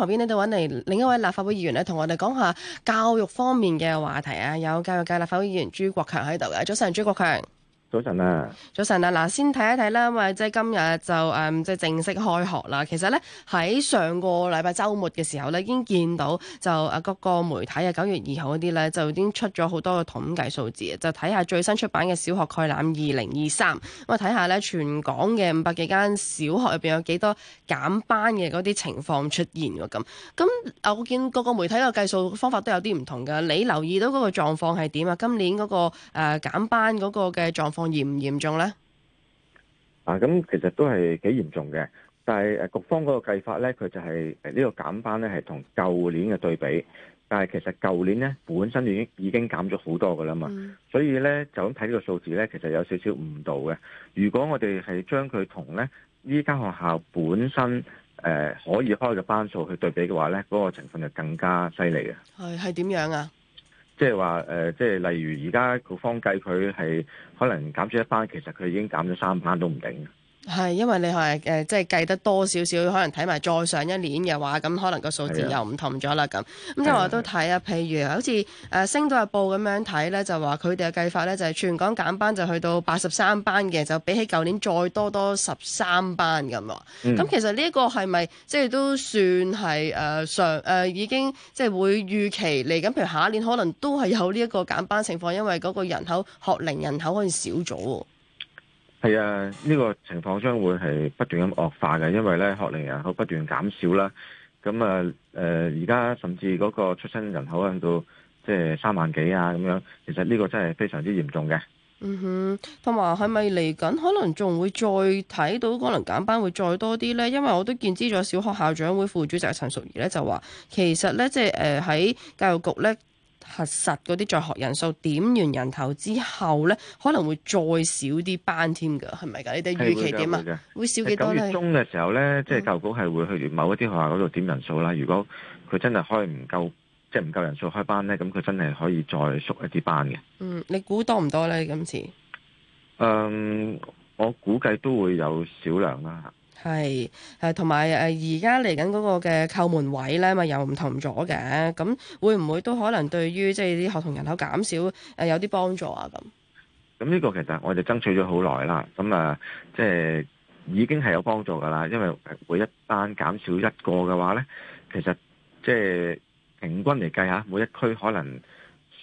旁邊呢度，揾嚟另一位立法會議員咧，同我哋講下教育方面嘅話題啊。有教育界立法會議員朱國強喺度嘅，早晨，朱國強。早晨啦，早晨啊！嗱，先睇一睇啦，咁啊，即係今日就誒，即係正式開學啦。其實咧喺上個禮拜周末嘅時候咧，已經見到就誒，各個媒體啊，九月二號嗰啲咧，就已經出咗好多嘅統計數字，就睇下最新出版嘅小學概覽二零二三，咁啊，睇下咧全港嘅五百幾間小學入邊有幾多減班嘅嗰啲情況出現，咁咁啊，我見各個媒體嘅計數方法都有啲唔同嘅，你留意到嗰個狀況係點啊？今年嗰個誒、呃、減班嗰個嘅狀況。嚴唔嚴重咧，啊？啊，咁其實都係幾嚴重嘅，但係誒，局方嗰個計法咧，佢就係、是、誒、啊這個、呢個減班咧係同舊年嘅對比，但係其實舊年咧本身已經已經減咗好多㗎喇嘛，嗯、所以咧就咁睇呢個數字咧，其實有少少誤導嘅。如果我哋係將佢同咧呢間學校本身誒、呃、可以開嘅班數去對比嘅話咧，嗰、那個情況就更加犀利嘅。係，係點樣啊？即係話誒，即係例如而家個方計佢係可能減咗一班，其實佢已經減咗三班都唔定。係，因為你係誒，即係計得多少少，可能睇埋再上一年嘅話，咁可能個數字又唔同咗啦咁。咁即係我都睇啊，譬如好似誒《星島日報》咁樣睇咧，就話佢哋嘅計法咧就係、是、全港減班就去到八十三班嘅，就比起舊年再多多十三班咁。咁、嗯、其實呢一個係咪即係都算係誒、呃、上誒、呃、已經即係會預期嚟緊？譬如下一年可能都係有呢一個減班情況，因為嗰個人口學齡人口可能少咗。係啊，呢個情況將會係不斷咁惡化嘅，因為咧學齡人口不斷減少啦，咁啊誒而家甚至嗰個出生人口去到即係三萬幾啊咁樣，其實呢個真係非常之嚴重嘅。嗯哼，同埋係咪嚟緊可能仲會再睇到可能減班會再多啲咧？因為我都見知咗小學校長會副主席陳淑儀咧就話，其實咧即係誒喺教育局咧。核實嗰啲在學人數，點完人頭之後呢，可能會再少啲班添噶，係咪噶？你哋預期點啊？會，會少幾多呢？九月中嘅時候呢，即、就、係、是、教局係會去某一啲學校嗰度點人數啦。如果佢真係開唔夠，即係唔夠人數開班呢，咁佢真係可以再縮一啲班嘅。嗯，你估多唔多呢？今次？嗯，我估計都會有少量啦。係，誒同埋誒而家嚟緊嗰個嘅扣門位咧，咪又唔同咗嘅，咁會唔會都可能對於即係啲學童人口減少誒有啲幫助啊？咁咁呢個其實我哋爭取咗好耐啦，咁誒即係已經係有幫助噶啦，因為每一班減少一個嘅話咧，其實即係平均嚟計下，每一區可能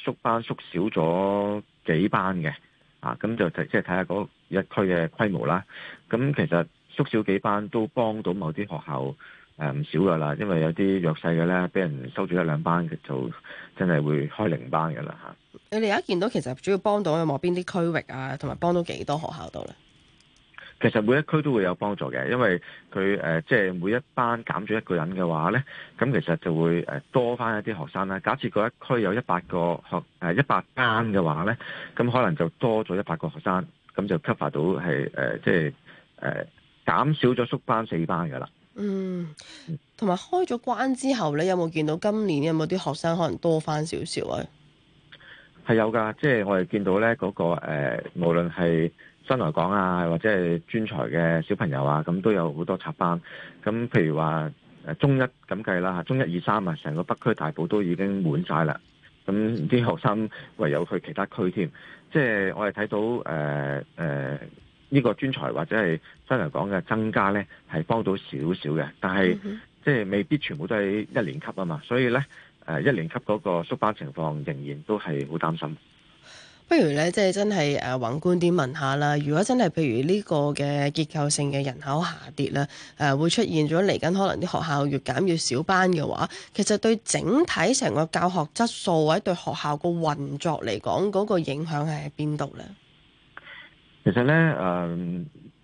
縮班縮少咗幾班嘅，啊咁就即係睇下嗰一區嘅規模啦，咁其實。縮少幾班都幫到某啲學校誒，唔、呃、少噶啦，因為有啲弱勢嘅咧，俾人收咗一兩班，佢就真係會開零班噶啦嚇。你哋而家見到其實主要幫到有冇邊啲區域啊，同埋幫到幾多學校度咧？其實每一區都會有幫助嘅，因為佢誒、呃、即係每一班減咗一個人嘅話咧，咁其實就會誒多翻一啲學生啦。假設嗰一區有一百個學誒、呃、一百班嘅話咧，咁可能就多咗一百個學生，咁就 cover 到係誒、呃、即係誒。呃呃減少咗縮班四班嘅啦，嗯，同埋開咗關之後呢，有冇見到今年有冇啲學生可能多翻少少啊？係有噶，即係我哋見到呢、那、嗰個誒、呃，無論係新來港啊，或者係專才嘅小朋友啊，咁都有好多插班。咁譬如話誒中一咁計啦，中一二三啊，成個北區大埔都已經滿晒啦。咁啲學生唯有去其他區添。即係我哋睇到誒誒。呃呃呢個專才或者係新嚟講嘅增加呢，係幫到少少嘅，但係、mm hmm. 即係未必全部都係一年級啊嘛，所以呢，誒一年級嗰個縮班情況仍然都係好擔心。不如呢，即、就、係、是、真係誒橫觀宏觀啲問下啦。如果真係譬如呢個嘅結構性嘅人口下跌啦，誒會出現咗嚟緊，可能啲學校越減越少班嘅話，其實對整體成個教學質素或者對學校個運作嚟講嗰個影響係喺邊度呢？其實咧，誒、呃，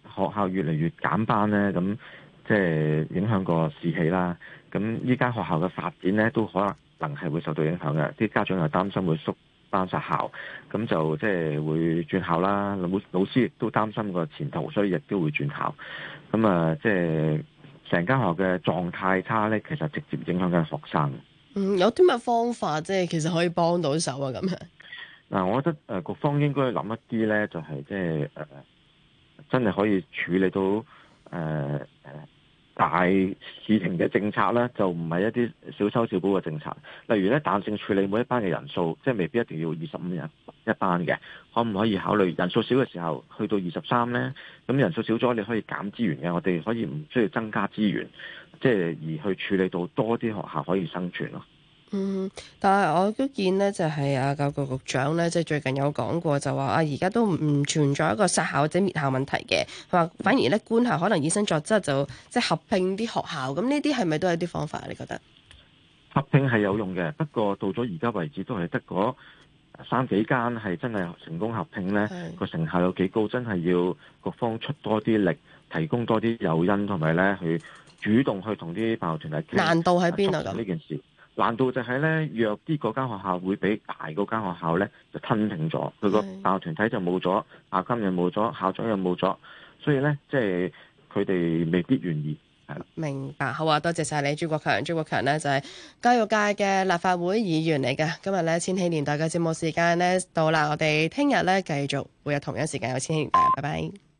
學校越嚟越減班咧，咁即係影響個士氣啦。咁依間學校嘅發展咧，都可能能係會受到影響嘅。啲家長又擔心會縮班殺校，咁就即係會轉校啦。老老師亦都擔心個前途，所以亦都會轉校。咁啊，即係成間學校嘅狀態差咧，其實直接影響緊學生。嗯，有啲咩方法即係其實可以幫到手啊？咁樣？嗱、啊，我覺得誒，局、呃、方應該諗一啲咧，就係即係誒，真係可以處理到誒誒、呃、大事情嘅政策咧，就唔係一啲小修小補嘅政策。例如咧，彈性處理每一班嘅人數，即、就、係、是、未必一定要二十五人一班嘅，可唔可以考慮人數少嘅時候去到二十三咧？咁人數少咗，你可以減資源嘅，我哋可以唔需要增加資源，即、就、係、是、而去處理到多啲學校可以生存咯。嗯，但係我都見呢，就係啊教育局局長呢，即係最近有講過就，就話啊，而家都唔存在一個殺校或者滅校問題嘅，或反而呢官校可能以身作則，就即係合併啲學校，咁呢啲係咪都係啲方法啊？你覺得合併係有用嘅，不過到咗而家為止都係得嗰三幾間係真係成功合併呢個，成效有幾高？真係要各方出多啲力，提供多啲誘因，同埋呢去主動去同啲辦學團體，難度喺邊度？咁呢件事。難度就喺咧，弱啲嗰間學校會比大嗰間學校咧就吞併咗，佢個大學團體就冇咗，校監又冇咗，校長又冇咗，所以咧即係佢哋未必願意係啦。明白，好啊，多謝晒你，朱國強，朱國強咧就係教育界嘅立法會議員嚟嘅。今日咧千禧年代嘅節目時間咧到啦，我哋聽日咧繼續會有同樣時間有千禧年代，拜拜。